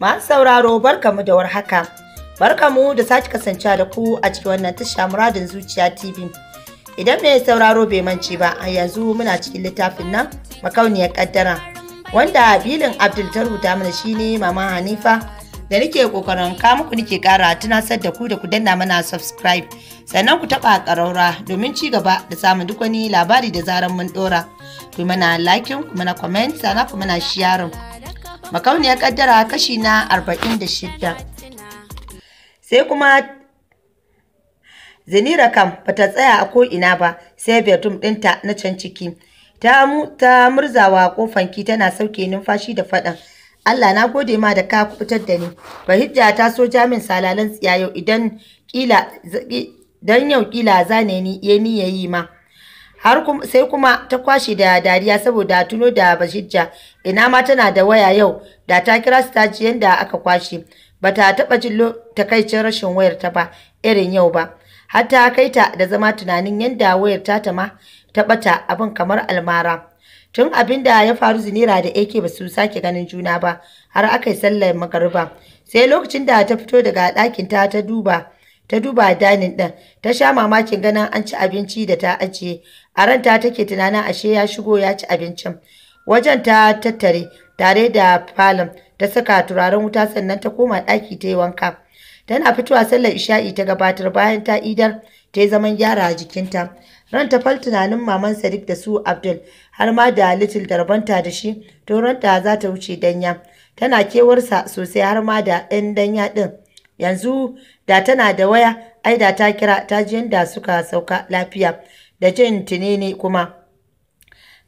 masu sauraro barkamu da warhaka barkamu da sake kasancewa da ku a cikin wannan tasha muradin zuciya tv idan mai sauraro bai mance ba a yanzu muna cikin littafin nan makauniyar kaddara wanda bilin abdul ta rubuta mana shine mama hanifa da nake kokarin ka muku nake kara tunasar da ku da ku danna mana subscribe sannan ku taba karaura domin ci gaba da samun duk wani labari da zaran mun dora ku mana like ku mana comment sannan ku mana sharing makauniyar kaddara kashi na 46 sai kuma zinira kam bata tsaya a ko'ina ba sai betum ɗinta na can ciki ta, ta murzawa kofanki tana sauke numfashi da faɗan Allah na gode ma da ka kubutar da ni bahijja ta so jamin salalan tsiya idan kila dan yau kila zane ni ya ni yayi ma har sai kuma ta kwashe da dariya saboda tuno da bashijja ina ma tana da waya yau da ta kira su ta ji yanda aka kwashe bata taba jin takaicin rashin wayar ta ba irin yau ba har ta kai ta da zama tunanin yanda wayar ta ta ma ta ɓata abin kamar almara tun abin da ya faru zinira da ake ba su sake ganin juna ba har aka yi sallar magariba sai lokacin da ta fito daga ɗakin ta ta duba ta duba danin ɗin ta sha mamakin ganin an ci abinci da ta ajiye a ranta take tunanin ashe ya shigo ya ci abincin wajen ta tattare tare da falon ta saka turaren wuta sannan ta koma ɗaki ta yi wanka tana fitowa sallar isha'i ta gabatar bayan ta idar ta yi zaman gyara a jikinta ran ta fal tunanin maman sadiq da su abdul har ma da little darbanta da shi to ranta za ta wuce danya tana kewarsa sosai har ma da ɗan danya ɗin yanzu da tana da waya ai da ta kira ta ji yadda suka sauka lafiya da jin ne kuma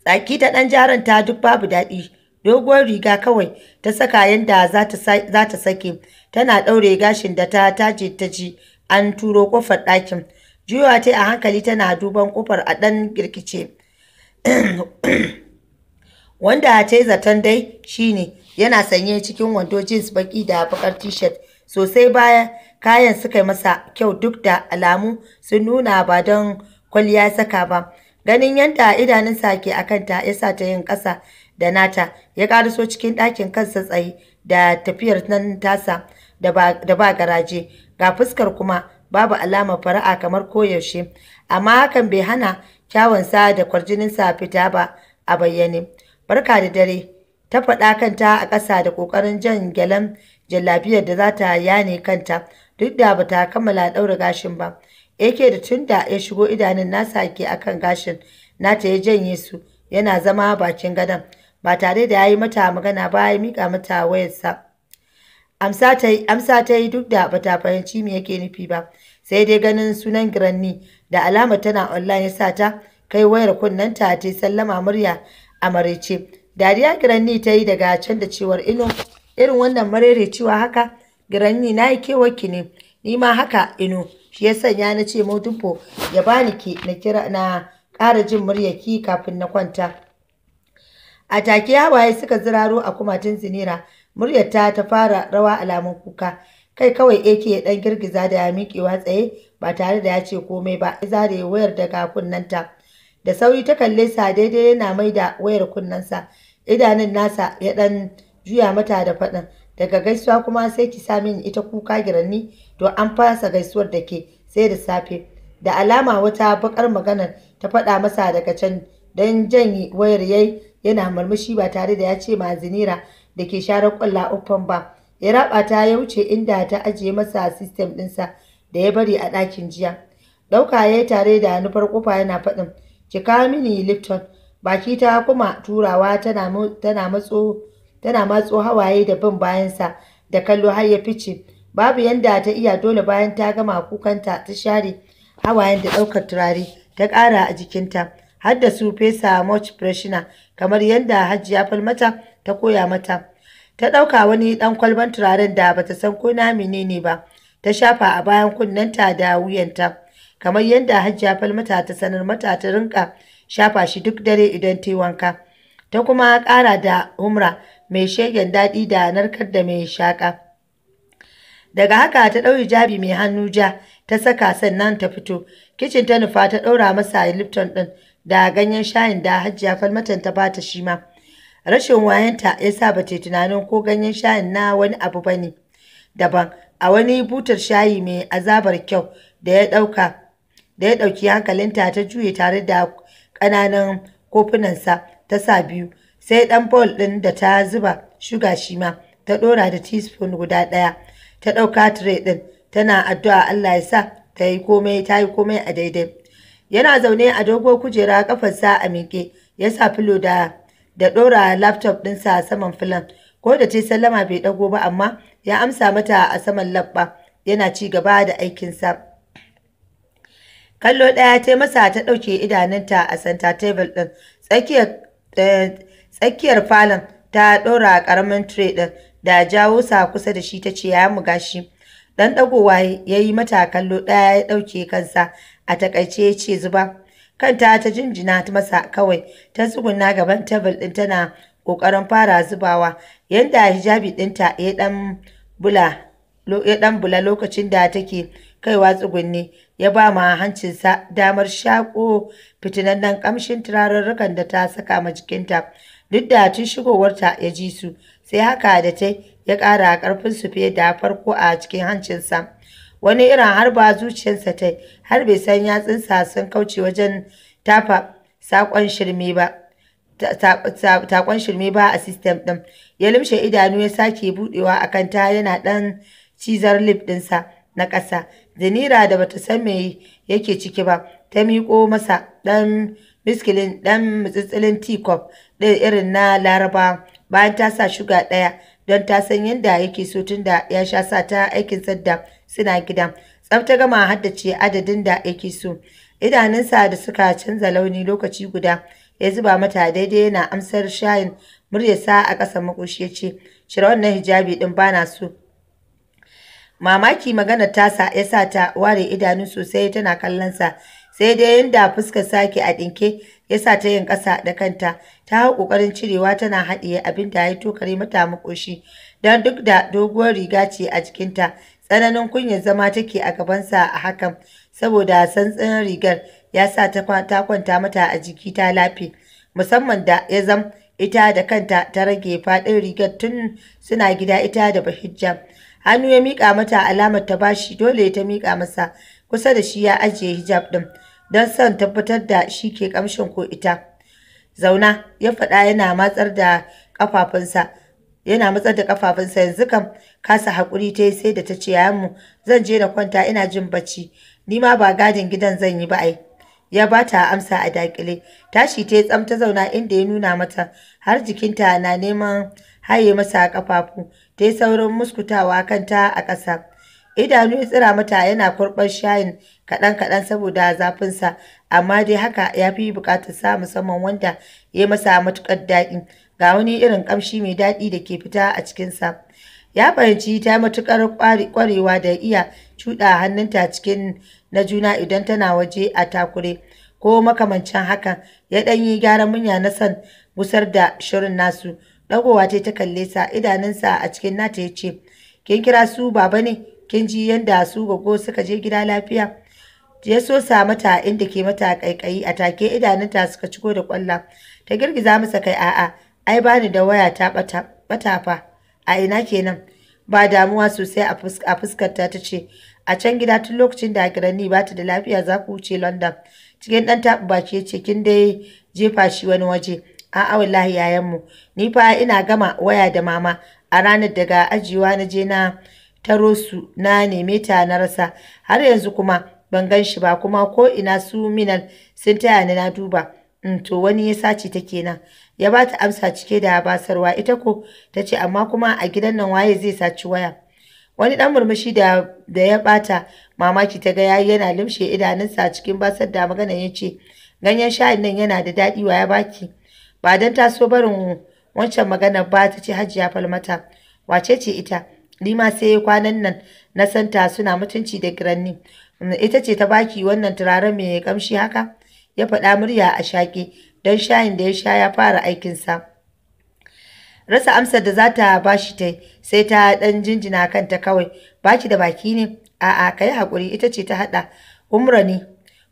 tsaki ta ɗan jaran ta duk babu daɗi doguwar riga kawai ta saka yadda za ta sake tana ɗaure gashin da ta taje ta ji an turo ƙofar ɗakin juyawa ta a hankali tana duban ƙofar a ɗan girkice wanda ta yi zaton dai shine yana sanye cikin wando jeans baki da bakar t-shirt sosai baya Kayan suka yi masa kyau duk da alamu sun nuna ba don kwalliya saka ba. Ganin yadda idanunsa ke akanta ya sa ta yin ƙasa da nata ya ƙaraso cikin ɗakin kansa tsaye da tafiyar nan tasa da ba garaje ga fuskar kuma babu alamar fara'a kamar koyaushe amma hakan bai hana kyawunsa da kwarjininsa fita ba a bayyane barka da dare ta faɗa kanta a ƙasa da ƙoƙarin jan gyalen jallabiyar da za ta yane kanta duk da ba ta kammala ɗaura gashin ba yake da tun da ya shigo idanun nasa ke akan gashin nata ya janye su yana zama bakin gadon ba tare da ya yi mata magana ba ya miƙa mata wayarsa amsa ta yi duk da ba ta fahimci me yake nufi ba sai dai ganin sunan giranni da alama tana online ya sa ta kai wayar kunnen ta sallama murya a marece dariya giranni ta yi daga can da cewar ino irin wannan marerecewa haka giranni na yi kewar ki ne, ni ma haka Inu. Shi ya sanya na ce Modibbo ya bani ki na kira na ƙara jin muryar ki kafin na kwanta. A take hawaye suka ziraro a kumatun zinira, muryar ta ta fara rawa alamun kuka. Kai kawai ake ya dan girgiza da ya miƙewa tsaye ba tare da ya ce komai ba, ya zare wayar daga kunnanta. Da sauri ta kalle sa daidai yana mai da wayar kunnensa. Idanun nasa ya ɗan juya mata da faɗin. daga gaisuwa kuma sai ki sa min ita kuka giranni to an fasa gaisuwar da ke sai da safe da alama wata bakar maganar ta faɗa masa daga can don janyi wayar yayi yana murmushi ba tare da ya ce ma zinira da ke sharar kwalla uffan ba ya raba ta ya wuce inda ta ajiye masa sistem ɗinsa da ya bari a ɗakin jiya ɗauka ya yi tare da nufar kofa yana faɗin ki kawo mini Lifton. baki ta kuma turawa tana matso tana matso hawaye da bin bayansa da kallo har ya fice babu yanda ta iya dole bayan ta gama kukanta ta share hawayen da ɗaukar turare ta ƙara a jikinta har da su fesa much freshener kamar yadda hajiya falmata ta koya mata ta ɗauka wani ɗan kwalban turaren da bata san ko na menene ba ta shafa a bayan kunnenta da wuyanta kamar yadda hajiya falmata ta sanar mata ta rinka shafa shi duk dare idan ta yi wanka ta kuma ƙara da umra mai shegen daɗi da narkar da mai shaƙa. Daga haka ta ɗau hijabi mai hannu ja ta saka sannan ta fito. Kicin ta nufa ta ɗaura masa Lipton ɗin da ganyen shayin da Hajiya Falmatan ta bata shi ma. Rashin wayanta ya sa ba ta tunanin ko ganyen shayin na wani abu ba ne daban. A wani butar shayi mai azabar kyau da ya ɗauka da ya ɗauki hankalinta ta juye tare da ƙananan kofunansa ta sa biyu sai ɗan bol ɗin da ta zuba shuga shi ma ta ɗora da teaspoon guda ɗaya ta ɗauka tire ɗin tana addu'a Allah ya sa ta yi komai ta yi komai a daidai yana zaune a dogo kujera kafarsa a miƙe ya sa filo da da ɗora laptop ɗinsa a saman filan ko da ta sallama bai ɗago ba amma ya amsa mata a saman labba yana ci gaba da aikinsa kallo ɗaya ta masa ta ɗauke idanunta a santa table ɗin tsakiyar eh, tsakiyar falon ta ɗora ƙaramin tire ɗin da jawo sa kusa da shi ta ce ya muga shi dan ɗagowa ya yi mata kallo ɗaya ya ɗauke kansa a takaice ya ce zuba kanta ta jinjina ta masa kawai ta tsuguna gaban tebul ɗin tana ƙoƙarin fara zubawa yadda hijabi ɗinta ya ɗan bula ya ɗan bula lokacin da take kaiwa tsugunni ya ba ma hancinsa damar shaƙo fitinannen ƙamshin turarurrukan da ta saka ma jikinta duk da tun shigowarta ya ji su sai haka da ta ya ƙara karfin su fiye da farko a cikin hancinsa wani irin ba zuciyarsa ta har bai san yatsunsa sun kauce wajen tafa sakon shirme ba takon shirme ba a sistem ɗin ya limshe idanu ya sake budewa akan ta yana ɗan cizar lip ɗinsa na ƙasa zinira da bata san me yake ciki ba ta miƙo masa ɗan miskilin ɗan mutsitsilin teacup ɗin irin na Laraba, bayan ta sa shuga ɗaya don ta san yadda yake so tunda ya sha sa ta aikin sadda suna gida. tsafta gama haddace adadin da yake so. Idanunsa da suka canza launi lokaci guda ya zuba mata daidai yana amsar shayin muryarsa a ƙasa makoshi ya ce, Shira wannan hijabi ɗin bana so. Mamaki maganar tasa ya sa ta ware idanu sosai tana kallonsa. sai dai yanda fuskar sake a ɗinke ya sa ta yin ƙasa da kanta ta hau ƙoƙarin cirewa tana haɗiye abin da ya tokare mata makoshi don duk da doguwar riga ce a jikinta tsananin kunyar zama take a gabansa a hakan saboda santsin rigar ya sa ta kwanta mata a jiki ta lafe musamman da ya zam ita da kanta ta rage faɗin rigar tun suna gida ita da bahijja hannu ya miƙa mata alamar ta bashi dole ta miƙa masa kusa da shi ya ajiye hijab ɗin don son tabbatar da shi ke kamshin ko ita. Zauna ya faɗa yana matsar da ƙafafunsa. Yana matsar da ƙafafunsa yanzu kam kasa haƙuri ta yi sai da ta ce yamu zan je na kwanta ina jin bacci ni ma ba gadin gidan zan yi ba ai. Ya ba ta amsa a dakile tashi ta yi tsam ta zauna inda ya nuna mata har jikinta na neman haye masa ƙafafu ta yi saurin muskutawa kanta a ƙasa. Idanu ya tsira mata yana kurɓar shayin kaɗan-kaɗan saboda zafinsa, amma dai haka ya fi buƙatar sa musamman wanda ya masa matuƙar daɗi. Ga wani irin ƙamshi mai daɗi da ke fita a cikinsa. Ya fahimci ta matuƙar ƙwarewa da iya cuɗa hannunta cikin na juna idan tana waje a takure. Ko makamancin haka, ya ɗan yi gyaran munya na son gusar da shirin nasu. Ɗagowa ta kalle sa idanunsa a cikin nata ya ce, Kin kira su baba ne? kin ji yanda su gogo suka je gida lafiya ya so sa mata inda ke mata kaikayi a take idanunta suka ciko da kwalla ta girgiza masa kai a'a ai bani da waya ta bata bata fa a ina kenan ba damuwa sosai a fuskarta ta ce a can gida tun lokacin da agiranni ba ta da lafiya za ku wuce london cikin ɗan taɓa baki ya ce kin dai jefa shi wani waje a'a wallahi yayanmu ni fa ina gama waya da mama a ranar daga ajiyewa na je na Tarosu rosu na neme ta na rasa, har yanzu kuma ban gan shi ba kuma ko ina su minan sun taya ni na duba. Mm, to wani ya sace ta kenan ya ba ta amsa cike da basarwa ita ko ta ce amma kuma a gidan nan waye zai saci waya wani dan murmushi da da ya bata mamaki ta ga yayi yana limshe idanunsa cikin basar da magana ya ce ganyen shayin nan yana da daɗi wa ya baki ba dan taso barin wancan magana ba ta ce hajiya falmata wace ce ita ni ma sai kwanan nan na santa suna mutunci da kiranni. ita ce ta baki wannan turaren mai kamshi haka ya faɗa murya a shaƙe don shayin da ya sha ya fara aikinsa rasa amsar da za ta ba shi sai ta ɗan jinjina kanta kawai baki da baki ne a'a ka yi haƙuri ita ce ta haɗa umra ne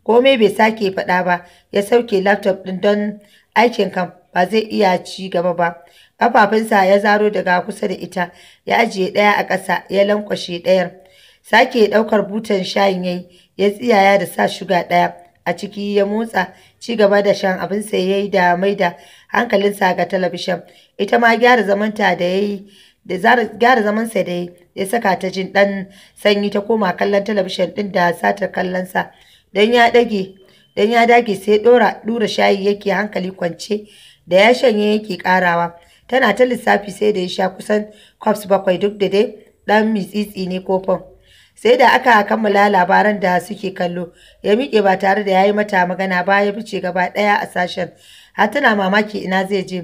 komai bai sake faɗa ba ya sauke laptop ɗin don aikin kan ba zai iya ci gaba ba Ƙafafunsa ya zaro daga kusa da ita, ya ajiye ɗaya a ƙasa, ya lankwashe ɗayar. Sake ɗaukar butan shayin yayi, ya tsiyaya da sa shuga ɗaya a ciki ya motsa ci gaba da shan abin sai yi da maida hankalinsa ga talabishin. Ita ma gyara zamanta da yi da gyara zaman da ya saka ta jin ɗan sanyi ta koma kallon talabishin ɗin da satar kallonsa don ya ɗage don ya dage sai ɗora ɗura shayi yake hankali kwance da ya shanye yake ƙarawa. tana ta lissafi sai da ya sha kusan kwafs bakwai duk da dai ɗan mitsitsi ne kofin sai da aka kammala labaran da suke kallo ya miƙe ba tare da ya yi mata magana ba ya fice gaba ɗaya a sashen har tana mamaki ina zai je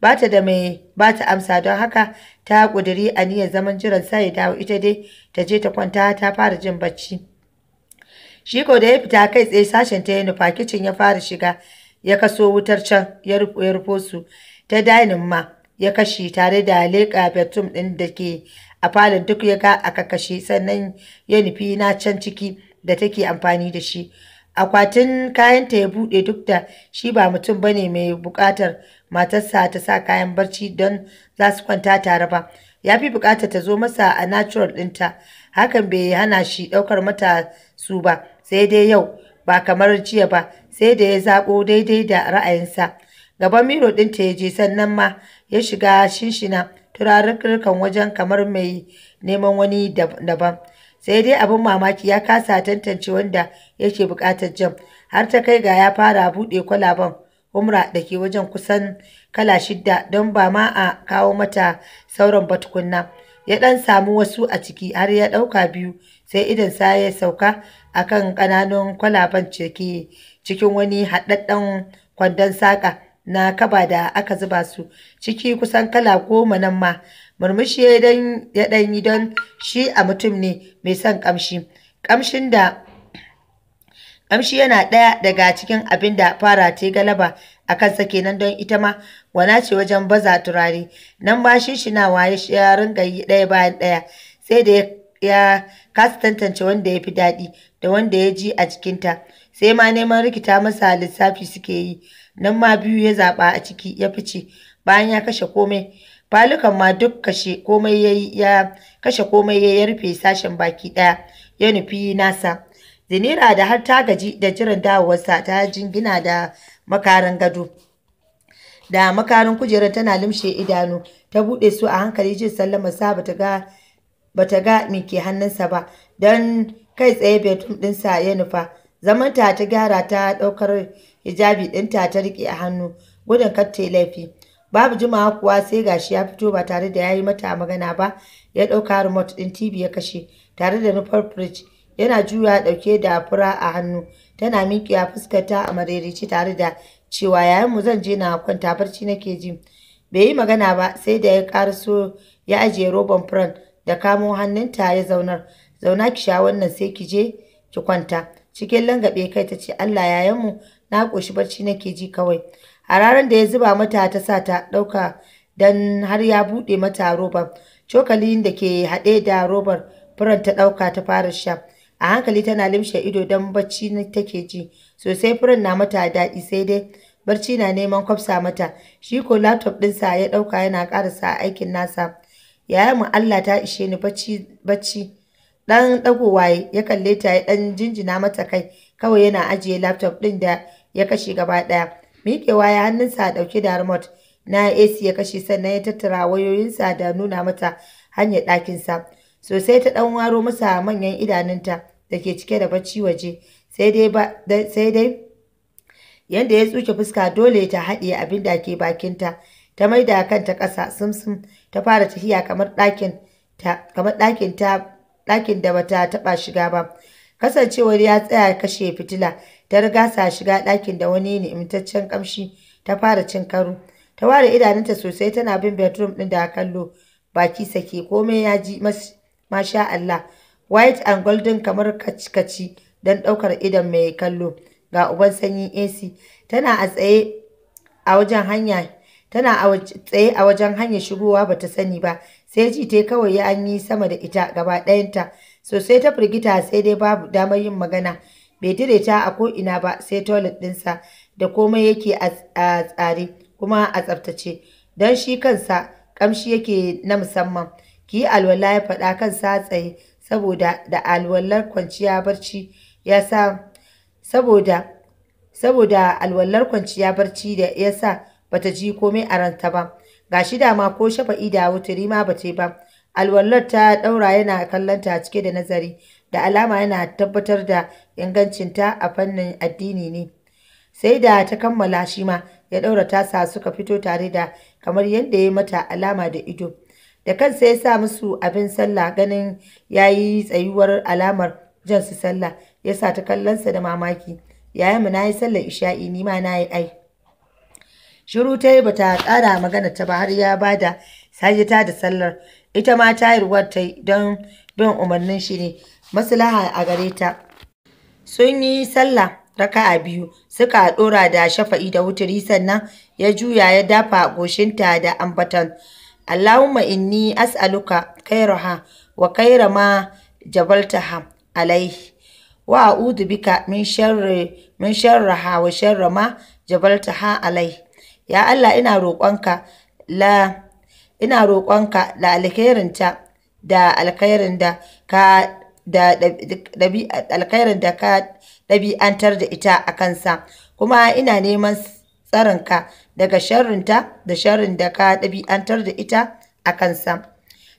ba ta da mai ba ta amsa don haka ta ƙudiri aniyar zaman jiran sa ya dawo ita dai ta je ta kwanta ta fara jin bacci shi ko da ya fita kai tsaye sashen ta ya nufa kicin ya fara shiga ya kaso wutar can ya rufo su ta dainin ma ya kashe tare da leƙa bedroom ɗin da ke a falon duk ya ga aka kashe sannan ya nufi na can ciki da take amfani da shi akwatin kayanta ya buɗe duk da shi ba mutum bane mai buƙatar matarsa ta sa kayan barci don za su kwanta tare ba ya fi buƙatar ta zo masa a natural ɗinta hakan bai hana shi ɗaukar mata su ba sai dai yau ba kamar jiya ba sai da ya zaɓo daidai da ra'ayinsa Gaban miro ɗinta ya je, sannan ma ya shiga shinshina turarurrukan wajen kamar mai neman wani daban. Sai dai abin mamaki ya kasa tantance wanda yake buƙatar jam, har ta kai ga ya fara buɗe kwalaban humra da ke wajen kusan kala shidda don ba ma a kawo mata sauran ba Ya ɗan samu wasu a ciki har ya ɗauka biyu sai idan sa ya sauka a kan ƙananun kwalaban cikin wani haɗaɗɗen kwandon saƙa. na kaba da aka zuba su ciki kusan kala goma nan ma murmushi ya ɗanyi don shi a mutum ne mai son ƙamshi ƙamshin da yana ɗaya daga cikin abin da fara ta galaba a kansa kenan don ita ma wana ce wajen baza turare nan ba na shi ya ringa yi ɗaya bayan ɗaya sai da ya kasa tantance wanda ya fi daɗi da wanda ya ji a jikinta sai ma neman rikita masa lissafi suke yi nan ma biyu ya zaɓa a ciki ya fice bayan ya kashe komai falukan ma duk kashe komai ya ya kashe komai ya rufe sashen baki ɗaya ya nufi nasa zinira da har ta gaji da jiran dawowarsa ta jingina da makarin gado da makarin kujerar tana limshe idanu ta buɗe su a hankali jin sallama sa bata ga bata ga me ke hannunsa ba don kai tsaye bedroom ɗinsa ya nufa zamanta ta gyara ta ɗaukar hijabi ɗinta ta riƙe a hannu gudun kar ta yi laifi babu jimawa kuwa sai gashi ya fito ba tare da ya yi mata magana ba ya ɗauka remote ɗin tv ya kashe tare da nufar fridge yana juya ɗauke da fura a hannu tana miƙewa fuskarta a madaidaici tare da cewa yayan mu zan je na kwanta barci nake ji bai yi magana ba sai da ya ƙaraso ya ajiye roban furan da kamo hannunta ya zaunar zauna ki sha wannan sai ki je ki kwanta cikin langabe kai ta ce Allah ya yamu na koshi barci nake ji kawai hararan da ya zuba mata ta sa ta ɗauka dan har ya buɗe mata roba. cokalin da ke haɗe da robar furan ta ɗauka ta fara sha a hankali tana limshe ido dan barci take ji sosai furan na mata daɗi sai dai barci na neman kwafsa mata shi ko laptop ɗinsa ya ɗauka yana karasa aikin nasa yayan mu Allah ta ishe ni bacci bacci dan dagowa ya kalle ta ya dan jinjina mata kai kawai yana ajiye laptop din da ya kashe gaba daya miƙewa ya hannunsa a dauke da remote na AC ya kashe sannan ya tattara wayoyinsa da nuna mata hanyar ɗakinsa sosai ta dan waro masa manyan idanunta da ke cike da bacci waje sai dai ba yanda ya tsuke fuska dole ta haɗiye abin da ke bakinta ta maida kanta ƙasa sumsum ta fara tafiya kamar ɗakin ta kamar ɗakin ta ɗakin da bata taɓa shiga ba. Kasancewar ya tsaya kashe fitila, ta riga sa shiga ɗakin da wani ni'imtaccen ƙamshi ta fara cin karo. Ta ware idanunta sosai tana bin bedroom ɗin da kallo, baki sake komai ya ji masha Allah. White and golden kamar kaci-kaci don ɗaukar idon mai kallo. Ga uban sanyi AC, tana a tsaye a wajen hanya tana a tsaye a wajen hanyar shigowa bata sani ba sai ji ta kawai ya an yi sama da ita gaba ɗayanta sosai ta firgita sai dai babu damar yin magana bai dire ta a ko'ina ba sai toilet ɗinsa da komai yake a tsare kuma a tsaftace don shi kansa kamshi yake na musamman ki alwala ya faɗa kansa tsaye saboda da alwalar kwanciya barci ya sa saboda saboda alwalar kwanciya barci da ya sa bata ji komai a ranta ba ga shi dama ko shafa'i da wuturi ma ba ce ba alwallar ta ɗaura yana kallonta cike da nazari da alama yana tabbatar da ingancinta a fannin addini ne sai da ta kammala shi ma ya ɗaura tasa suka fito tare da kamar yadda ya mata alama da ido da kansa ya sa musu abin sallah ganin ya yi tsayuwar alamar jan su sallah ya sa ta kallonsa da mamaki yayin mu na yi sallar isha'i ni ma na yi ai Shiru ta yi bata ƙara magana ta ba har ya bada sajita da sallar. Ita ma tayarwar ta don bin umarnin shi ne. Maslaha a gare ta. Sun yi sallah raka'a biyu suka ɗora da shafa'i da wuturi sannan ya juya ya dafa goshinta da ambatan. Allahumma inni as'aluka kairaha wa kaira ma jabaltaha alaihi. wa a'udhu bika min sharri min sharriha wa sharri ma jabaltaha alai Ya Allah ina roƙonka la ina roƙonka da alkhairinta da alkhairin da ka da alkhairin da ka ɗabi'antar da ita a kansa kuma ina neman tsarinka daga sharrinta da sharrin da ka ɗabi'antar da ita a kansa.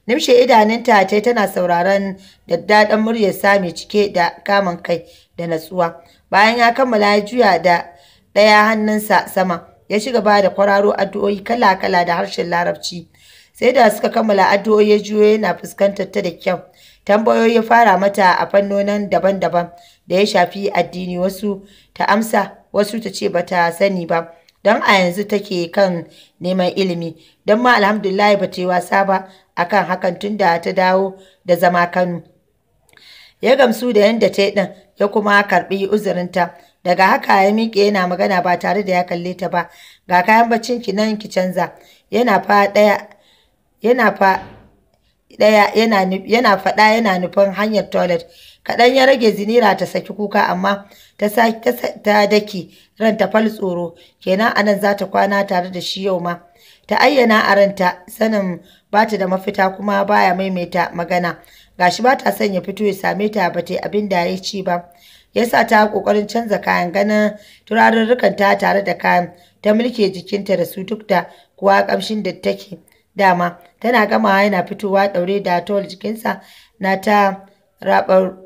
Nimshe idanunta ta tana sauraron daddaɗan muryar sami cike da kamun kai da natsuwa. Bayan ya kammala ya juya da ɗaya hannunsa sama ya ci gaba da kwararo addu'o'i kala-kala da harshen larabci sai da suka kammala addu'o'i ya juyo yana fuskantar ta da kyau tambayoyi ya fara mata a fannonin daban-daban da ya shafi addini wasu ta amsa wasu ta ce bata sani ba don a yanzu take kan neman ilimi don ma alhamdulillah ba ta yi wasa ba a kan hakan tun da ta dawo da zama kano ya gamsu da yadda ta yi ɗin ya kuma karɓi uzurinta daga haka ya miƙe yana magana ba tare da ya kalle ta ba ga kayan baccin ki nan ki canza yana fa ɗaya yana fa ɗaya yana yana faɗa yana nufin hanyar toilet kaɗan ya rage zinira ta saki kuka amma ta ta daki ran ta fal tsoro kenan anan za ta kwana tare da shi yau ma ta ayyana a ranta sanin ba ta da mafita kuma baya maimaita magana gashi ba ta son ya fito ya same ta ba ta abin da ya ci ba ya sa ta ƙoƙarin canza kayan ganin turarurrukan ta tare da kayan ta mulke jikinta da su duk da kuwa ƙamshin da take dama tana gama yana fitowa daure da tol jikinsa na ta rabar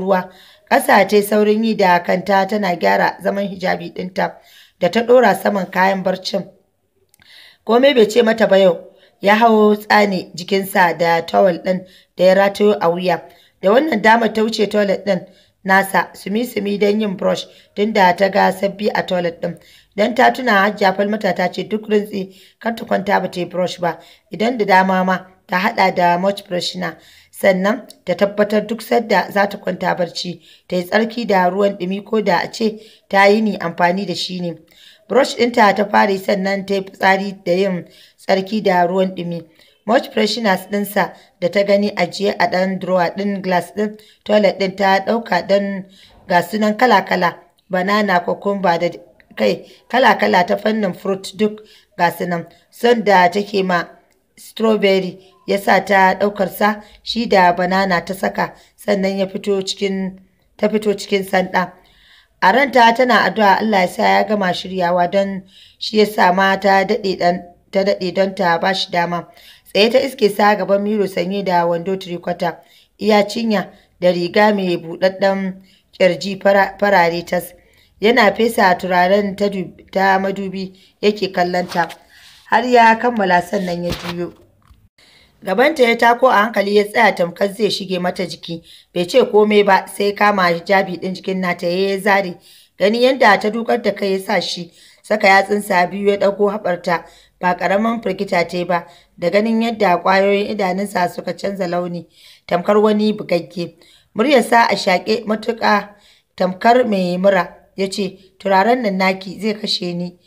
ruwa ƙasa ta saurin yi da kanta tana gyara zaman hijabi dinta da ta ɗora saman kayan barcin komai bai ce mata ba yau ya hau tsani jikinsa da towel ɗin da ya ratayo a wuya da wannan dama ta wuce toilet ɗin nasa sumi-sumi don yin brush tun da ta ga sabbi a toilet ɗin. Don ta tuna Hajiya Falmata ta ce duk rintsi kar ta kwanta ba ta yi brush ba, idan da dama ma ta haɗa da much na Sannan ta tabbatar duk sadda za ta kwanta barci ta yi tsarki da ruwan ɗumi ko da a ce ta yi ni amfani da shi ne. Brush ɗinta ta fara sannan ta yi fitsari da yin tsarki da ruwan ɗumi. much freshness ɗinsa da ta gani ajiye a ɗan drawer ɗin glass ɗin toilet ɗin ta ɗauka ɗan gasunan kala-kala banana, cucumber da kai kala-kala ta fannin fruit duk gasunan sanda Son da take ma strawberry ya sa ta ɗaukarsa shi da banana ta saka sannan ya fito cikin ta fito cikin sanda. A ranta tana addu'a Allah ya sa ya gama shiryawa don shi ya sa ma ta dade don ta bashi dama. Tsaye ta iske sa gaban miro sanye da wando tirikwata, iya cinya da riga mai buɗaɗɗen kirji farare tas. Yana fesa turaren ta madubi yake kallonta. Har ya kammala sannan ya juyo. Gabanta ya tako a hankali ya tsaya tamkar zai shige mata jiki, bai ce komai ba sai kama hijabi ɗin jikin nata ya zare. Gani yadda ta dukar da kai ya sa shi, saka yatsunsa biyu ya ɗago haɓarta ba ƙaramin firgita ce ba da ganin yadda ƙwayoyin idanunsa suka canza launi tamkar wani bugagge. Muryarsa a shaƙe matuƙa tamkar mai mura ya ce, Turaren nan naki zai kashe ni,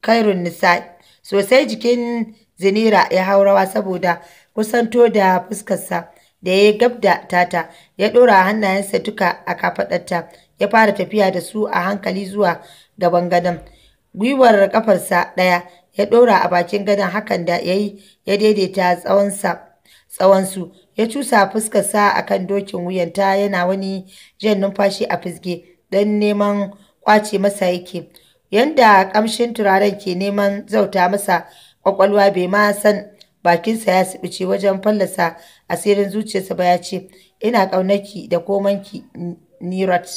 kairun nisa. Sosai jikin zinira ya haurawa saboda kusanto da fuskarsa da ya gab da tata ya ɗora hannayensa duka a kafaɗarta ya fara tafiya da su a hankali zuwa gaban gadon. Gwiwar ƙafarsa ɗaya ya ɗora a bakin gadon, hakan da ya yi ya daidaita tsawonsu. Ya cusa fuskarsa a kan dokin wuyanta yana wani jan numfashi a fisge don neman ƙwace masa yake. Yanda kamshin turaren ke neman zauta masa ƙwaƙwalwa bai ma san bakinsa ya sibice wajen fallasa asirin zuciyarsa ba ya ce, Ina ƙaunaki da komanki Nirat.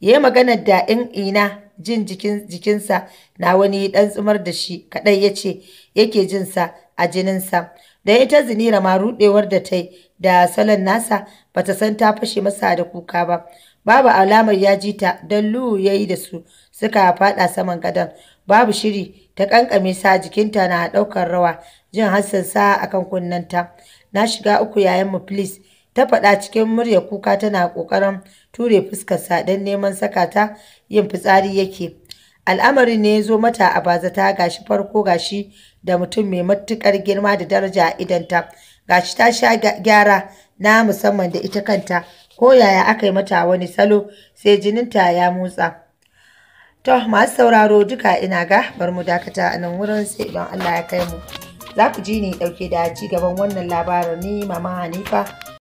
Ya yi maganar da in ina jin jikin jikinsa na wani ɗan tsumar da shi kaɗai ya ce yake jinsa a jininsa. Da ita zinira ma ruɗewar da ta yi da salon nasa ba ta san ta fashe masa da kuka ba. Babu alamar ya ji ta don lu ya yi da su suka faɗa saman gadon. Babu shiri ta ƙanƙame sa jikinta na ɗaukar rawa jin hassan sa kan kunnenta. Na shiga uku yayan mu please ta faɗa cikin murya kuka tana ƙoƙarin ture fuskarsa don neman saka ta yin fitsari yake al'amarin ne ya zo mata a bazata gashi farko gashi da mutum mai matukar girma da daraja a idanta gashi ta sha gyara na musamman da ita kanta ko yaya aka yi mata wani salo sai jininta ya motsa to masu sauraro duka ina ga bar mu dakata a nan wurin sai don allah ya kai mu za ku ji ni dauke da ci gaban wannan labarin ni mama hanifa